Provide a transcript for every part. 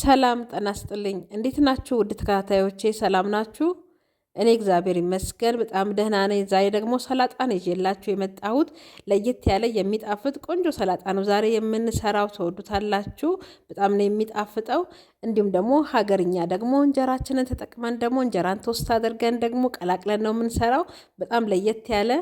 ሰላም ጠና ስጥልኝ። እንዴት ናችሁ? ውድ ተከታታዮቼ ሰላም ናችሁ? እኔ እግዚአብሔር ይመስገን በጣም ደህና ነኝ። ዛሬ ደግሞ ሰላጣ ነው ይዤላችሁ የመጣሁት። ለየት ያለ የሚጣፍጥ ቆንጆ ሰላጣ ነው ዛሬ የምንሰራው። ተወዱታላችሁ፣ በጣም ነው የሚጣፍጠው። እንዲሁም ደግሞ ሀገርኛ ደግሞ እንጀራችንን ተጠቅመን ደግሞ እንጀራን ቶስት አድርገን ደግሞ ቀላቅለን ነው የምንሰራው። በጣም ለየት ያለ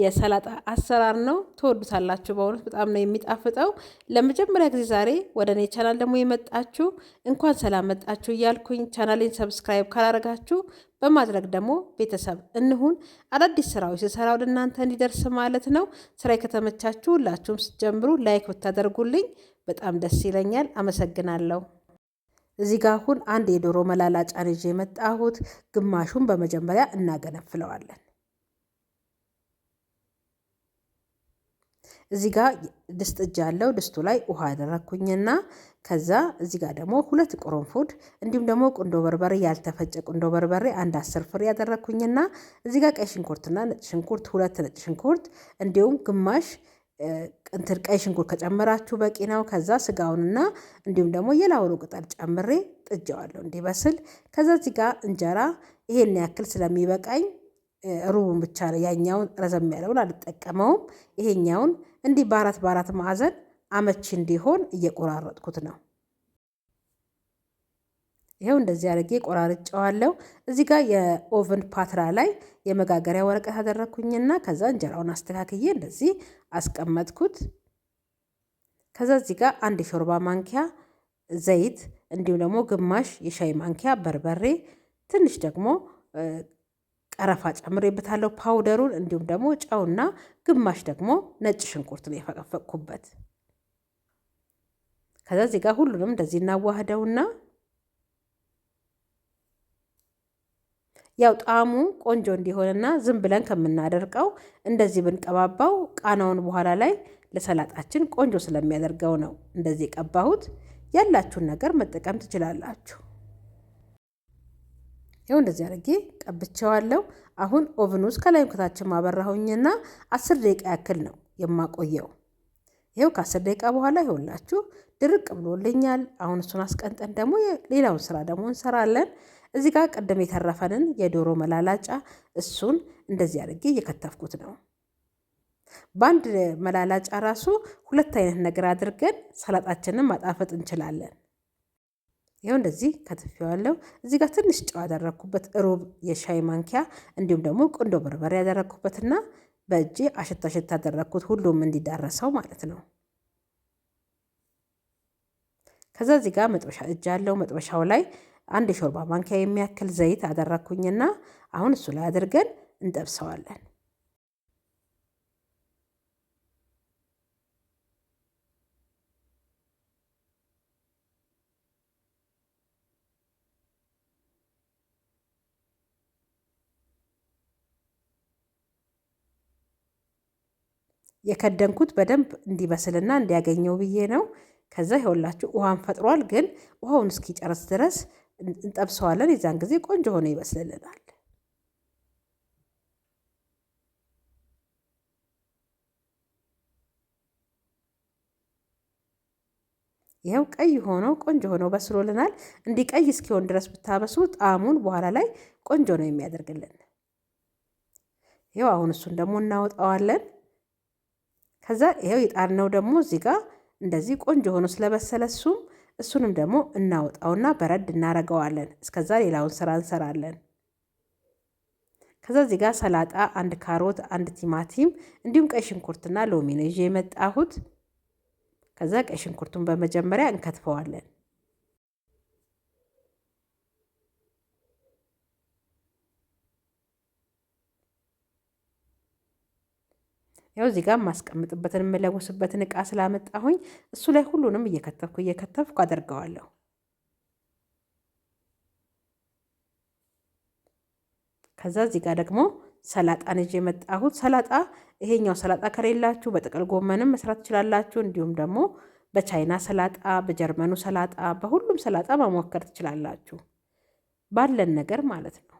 የሰላጣ አሰራር ነው። ተወዱታላችሁ፣ በእውነት በጣም ነው የሚጣፍጠው። ለመጀመሪያ ጊዜ ዛሬ ወደ እኔ ቻናል ደግሞ የመጣችሁ እንኳን ሰላም መጣችሁ እያልኩኝ ቻናሌን ሰብስክራይብ ካላረጋችሁ በማድረግ ደግሞ ቤተሰብ እንሁን። አዳዲስ ስራዎች ስሰራ ወደ እናንተ እንዲደርስ ማለት ነው። ስራ ከተመቻችሁ ሁላችሁም ስትጀምሩ ላይክ ብታደርጉልኝ በጣም ደስ ይለኛል። አመሰግናለሁ። እዚህ ጋር አሁን አንድ የዶሮ መላላጫን ይዤ የመጣሁት ግማሹን በመጀመሪያ እናገነፍለዋለን። እዚ ጋ ድስት እጅ ያለው ድስቱ ላይ ውሃ ያደረግኩኝና ከዛ እዚህ ጋ ደግሞ ሁለት ቅርንፉድ እንዲሁም ደግሞ ቁንዶ በርበሬ ያልተፈጨ ቁንዶ በርበሬ አንድ አስር ፍሬ ያደረግኩኝና እዚ ጋ ቀይ ሽንኩርትና ነጭ ሽንኩርት ሁለት ነጭ ሽንኩርት እንዲሁም ግማሽ እንትን ቀይ ሽንኩርት ከጨመራችሁ በቂ ነው። ከዛ ስጋውንና እንዲሁም ደግሞ የላውሩ ቅጠል ጨምሬ ጥጀዋለሁ እንዲበስል። ከዛ እዚ ጋ እንጀራ ይሄን ያክል ስለሚበቃኝ ሩቡን ብቻ ነው ያኛውን ረዘም ያለውን አልጠቀመውም። ይሄኛውን እንዲህ በአራት በአራት ማዕዘን አመቺ እንዲሆን እየቆራረጥኩት ነው። ይኸው እንደዚህ አድርጌ ቆራርጨዋለሁ። እዚህ ጋር የኦቨን ፓትራ ላይ የመጋገሪያ ወረቀት አደረግኩኝና ከዛ እንጀራውን አስተካክዬ እንደዚህ አስቀመጥኩት። ከዛ እዚህ ጋር አንድ የሾርባ ማንኪያ ዘይት እንዲሁም ደግሞ ግማሽ የሻይ ማንኪያ በርበሬ ትንሽ ደግሞ ቀረፋ ጨምሬበታለሁ ፓውደሩን፣ እንዲሁም ደግሞ ጨውና ግማሽ ደግሞ ነጭ ሽንኩርት ነው የፈቀፈቅኩበት። ከዛ እዚህ ጋር ሁሉንም እንደዚህ እናዋህደውና ያው ጣዕሙ ቆንጆ እንዲሆንና ዝም ብለን ከምናደርቀው እንደዚህ ብንቀባባው ቃናውን በኋላ ላይ ለሰላጣችን ቆንጆ ስለሚያደርገው ነው እንደዚህ የቀባሁት። ያላችሁን ነገር መጠቀም ትችላላችሁ። ይኸው እንደዚህ አድርጌ ቀብቸዋለሁ። አሁን ኦቭን ውስጥ ከላይም ከታችም አበራሁኝና አስር ደቂቃ ያክል ነው የማቆየው። ይኸው ከአስር ደቂቃ በኋላ ይኸውላችሁ ድርቅ ብሎልኛል። አሁን እሱን አስቀንጠን ደግሞ ሌላውን ስራ ደግሞ እንሰራለን። እዚህ ጋር ቅድም የተረፈንን የዶሮ መላላጫ እሱን እንደዚህ አድርጌ እየከተፍኩት ነው። በአንድ መላላጫ ራሱ ሁለት አይነት ነገር አድርገን ሰላጣችንን ማጣፈጥ እንችላለን። ይኸው እንደዚህ ከትፌዋለሁ። እዚህ ጋር ትንሽ ጨው ያደረግኩበት ሩብ የሻይ ማንኪያ እንዲሁም ደግሞ ቁንዶ በርበሬ ያደረግኩበትና በእጅ አሸት አሸት ያደረግኩት ሁሉም እንዲዳረሰው ማለት ነው። ከዛ እዚህ ጋር መጥበሻ እጅ አለው። መጥበሻው ላይ አንድ የሾርባ ማንኪያ የሚያክል ዘይት አደረግኩኝና አሁን እሱ ላይ አድርገን እንጠብሰዋለን። የከደንኩት በደንብ እንዲበስልና እንዲያገኘው ብዬ ነው። ከዛ ይኸውላችሁ ውሃን ፈጥሯል። ግን ውሃውን እስኪጨርስ ድረስ እንጠብሰዋለን። የዛን ጊዜ ቆንጆ ሆኖ ይበስልልናል። ይኸው ቀይ ሆኖ ቆንጆ ሆኖ በስሎልናል። እንዲህ ቀይ እስኪሆን ድረስ ብታበሱ ጣዕሙን በኋላ ላይ ቆንጆ ነው የሚያደርግልን። ይኸው አሁን እሱን ደግሞ እናወጣዋለን። ከዛ ይኸው የጣርነው ደግሞ እዚህ ጋር እንደዚህ ቆንጆ ሆኖ ስለበሰለ እሱም እሱንም ደግሞ እናወጣውና በረድ እናረገዋለን። እስከዛ ሌላውን ስራ እንሰራለን። ከዛ እዚህ ጋር ሰላጣ፣ አንድ ካሮት፣ አንድ ቲማቲም እንዲሁም ቀይ ሽንኩርትና ሎሚ ነው ይዤ የመጣሁት። ከዛ ቀይ ሽንኩርቱን በመጀመሪያ እንከትፈዋለን። ያው እዚህ ጋር የማስቀምጥበትን የምለውስበትን እቃ ስላመጣሁኝ እሱ ላይ ሁሉንም እየከተፍኩ እየከተፍኩ አደርገዋለሁ። ከዛ እዚህ ጋር ደግሞ ሰላጣን ይዤ የመጣሁት ሰላጣ ይሄኛው ሰላጣ ከሌላችሁ በጥቅል ጎመንም መስራት ትችላላችሁ። እንዲሁም ደግሞ በቻይና ሰላጣ፣ በጀርመኑ ሰላጣ፣ በሁሉም ሰላጣ መሞከር ትችላላችሁ ባለን ነገር ማለት ነው።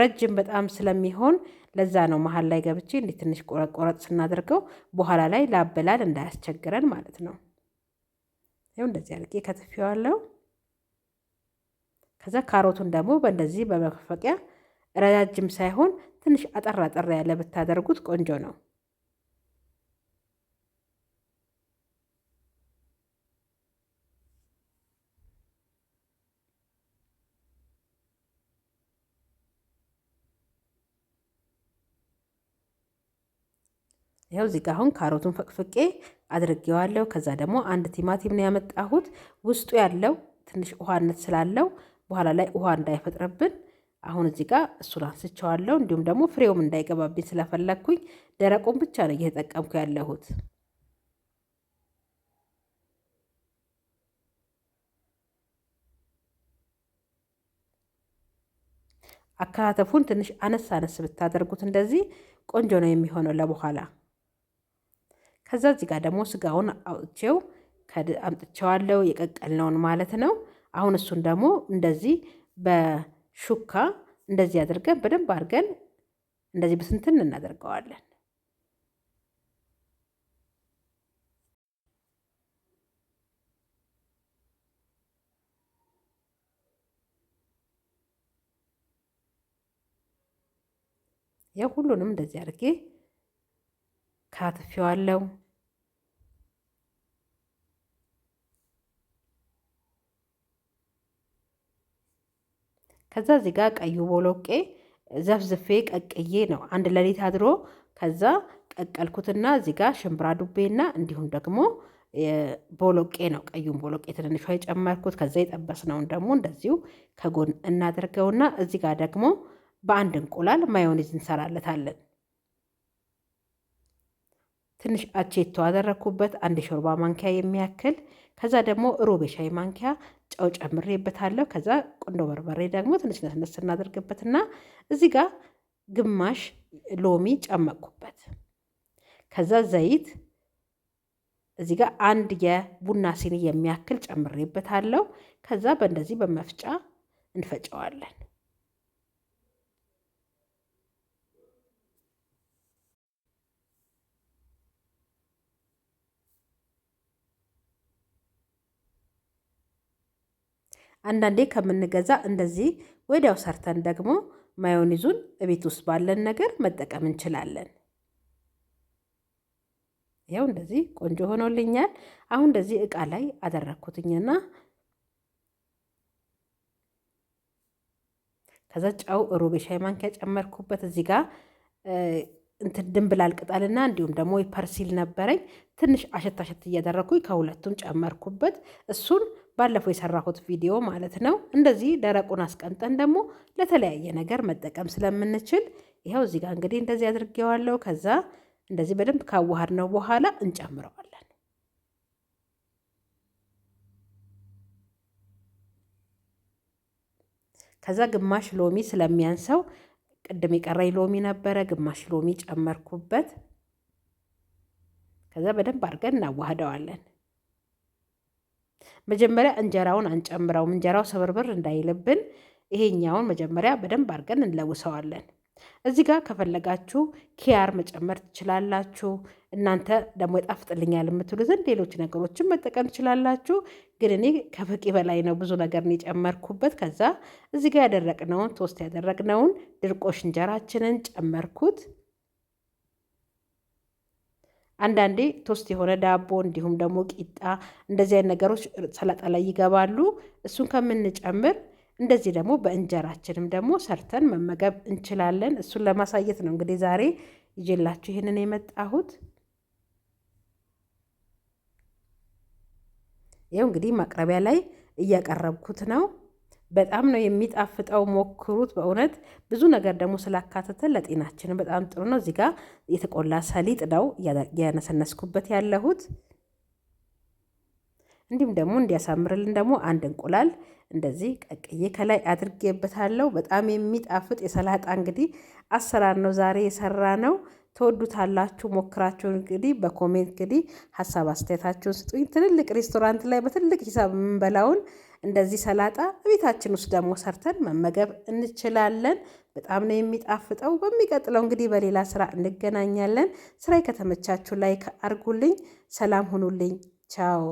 ረጅም በጣም ስለሚሆን ለዛ ነው መሀል ላይ ገብቼ እንዲ ትንሽ ቆረቆረጥ ቆረጥ ስናደርገው በኋላ ላይ ላበላል እንዳያስቸግረን ማለት ነው። ይኸው እንደዚህ አድርጌ ከትፌዋለሁ። ከዛ ካሮቱን ደግሞ በእንደዚህ በመፈቂያ ረጃጅም ሳይሆን ትንሽ አጠር አጠር ያለ ብታደርጉት ቆንጆ ነው። ይኸው እዚህ ጋር አሁን ካሮቱን ፈቅፍቄ አድርጌዋለሁ። ከዛ ደግሞ አንድ ቲማቲም ነው ያመጣሁት። ውስጡ ያለው ትንሽ ውሃነት ስላለው በኋላ ላይ ውሃ እንዳይፈጥረብን አሁን እዚህ ጋር እሱን አንስቸዋለሁ። እንዲሁም ደግሞ ፍሬውም እንዳይገባብኝ ስለፈለግኩኝ ደረቁን ብቻ ነው እየተጠቀምኩ ያለሁት። አከታተፉን ትንሽ አነስ አነስ ብታደርጉት እንደዚህ ቆንጆ ነው የሚሆነው ለበኋላ ከዛ እዚህ ጋር ደግሞ ስጋውን አውጥቼው አምጥቼዋለሁ የቀቀልነውን ማለት ነው። አሁን እሱን ደግሞ እንደዚህ በሹካ እንደዚህ አድርገን በደንብ አድርገን እንደዚህ በስንትን እናደርገዋለን። ያው ሁሉንም እንደዚህ አድርጌ ካትፊዋለው። ከዛ እዚህ ጋር ቀዩ ቦሎቄ ዘፍዝፌ ቀቅዬ ነው አንድ ሌሊት አድሮ ከዛ ቀቀልኩትና እዚህ ጋር ሽምብራ ዱቤና እንዲሁም ደግሞ ቦሎቄ ነው ቀዩን ቦሎቄ ትንንሿ የጨመርኩት። ከዛ የጠበስነውን ደግሞ እንደዚሁ ከጎን እናደርገውና እዚህ ጋር ደግሞ በአንድ እንቁላል ማዮኔዝ እንሰራለታለን። ትንሽ አቼቶ አደረኩበት አንድ ሾርባ ማንኪያ የሚያክል። ከዛ ደግሞ ሩብ የሻይ ማንኪያ ጨው ጨምሬበታለሁ። ከዛ ቁንዶ በርበሬ ደግሞ ትንሽ ነስነስ እናደርግበትና እዚህ ጋር ግማሽ ሎሚ ጨመቅኩበት። ከዛ ዘይት እዚህ ጋር አንድ የቡና ሲኒ የሚያክል ጨምሬበታለሁ። ከዛ በእንደዚህ በመፍጫ እንፈጨዋለን። አንዳንዴ ከምንገዛ እንደዚህ ወዲያው ሰርተን ደግሞ ማዮኒዙን እቤት ውስጥ ባለን ነገር መጠቀም እንችላለን። ይኸው እንደዚህ ቆንጆ ሆኖልኛል። አሁን እንደዚህ እቃ ላይ አደረግኩትኝና ከዛ ጨው ሩብ ሻይ ማንኪያ ጨመርኩበት። እዚህ ጋር እንትን ድንብላል ቅጠልና እንዲሁም ደግሞ ፐርሲል ነበረኝ ትንሽ አሸት አሸት እያደረግኩኝ ከሁለቱም ጨመርኩበት እሱን ባለፈው የሰራሁት ቪዲዮ ማለት ነው። እንደዚህ ደረቁን አስቀምጠን ደግሞ ለተለያየ ነገር መጠቀም ስለምንችል ይኸው እዚህ ጋር እንግዲህ እንደዚህ አድርጌዋለሁ። ከዛ እንደዚህ በደንብ ካዋሃድ ነው በኋላ እንጨምረዋለን። ከዛ ግማሽ ሎሚ ስለሚያንሰው ቅድም የቀረኝ ሎሚ ነበረ፣ ግማሽ ሎሚ ጨመርኩበት። ከዛ በደንብ አድርገን እናዋህደዋለን። መጀመሪያ እንጀራውን አንጨምረውም። እንጀራው ስብርብር እንዳይልብን ይሄኛውን መጀመሪያ በደንብ አድርገን እንለውሰዋለን። እዚህ ጋር ከፈለጋችሁ ኪያር መጨመር ትችላላችሁ። እናንተ ደግሞ ይጣፍጥልኛል የምትሉ ዘንድ ሌሎች ነገሮችን መጠቀም ትችላላችሁ። ግን እኔ ከበቂ በላይ ነው ብዙ ነገር የጨመርኩበት። ከዛ እዚህ ጋር ያደረቅነውን ቶስት ያደረግነውን ድርቆሽ እንጀራችንን ጨመርኩት። አንዳንዴ ቶስት የሆነ ዳቦ እንዲሁም ደግሞ ቂጣ እንደዚህ አይነት ነገሮች ሰላጣ ላይ ይገባሉ። እሱን ከምንጨምር እንደዚህ ደግሞ በእንጀራችንም ደግሞ ሰርተን መመገብ እንችላለን። እሱን ለማሳየት ነው እንግዲህ ዛሬ ይዤላችሁ ይህንን የመጣሁት። ይኸው እንግዲህ ማቅረቢያ ላይ እያቀረብኩት ነው። በጣም ነው የሚጣፍጠው። ሞክሩት በእውነት ብዙ ነገር ደግሞ ስላካተተ ለጤናችን በጣም ጥሩ ነው። እዚጋ የተቆላ ሰሊጥ ነው እያነሰነስኩበት ያለሁት። እንዲሁም ደግሞ እንዲያሳምርልን ደግሞ አንድ እንቁላል እንደዚህ ቀቅዬ ከላይ አድርጌበታለሁ። በጣም የሚጣፍጥ የሰላጣ እንግዲህ አሰራር ነው ዛሬ የሰራ ነው። ትወዱታላችሁ። ሞክራችሁ እንግዲህ በኮሜንት እንግዲህ ሀሳብ አስተያየታችሁን ስጡኝ። ትልልቅ ሬስቶራንት ላይ በትልቅ ሂሳብ የምንበላውን እንደዚህ ሰላጣ ቤታችን ውስጥ ደግሞ ሰርተን መመገብ እንችላለን። በጣም ነው የሚጣፍጠው። በሚቀጥለው እንግዲህ በሌላ ስራ እንገናኛለን። ስራ ከተመቻችሁ ላይክ አድርጉልኝ። ሰላም ሁኑልኝ። ቻው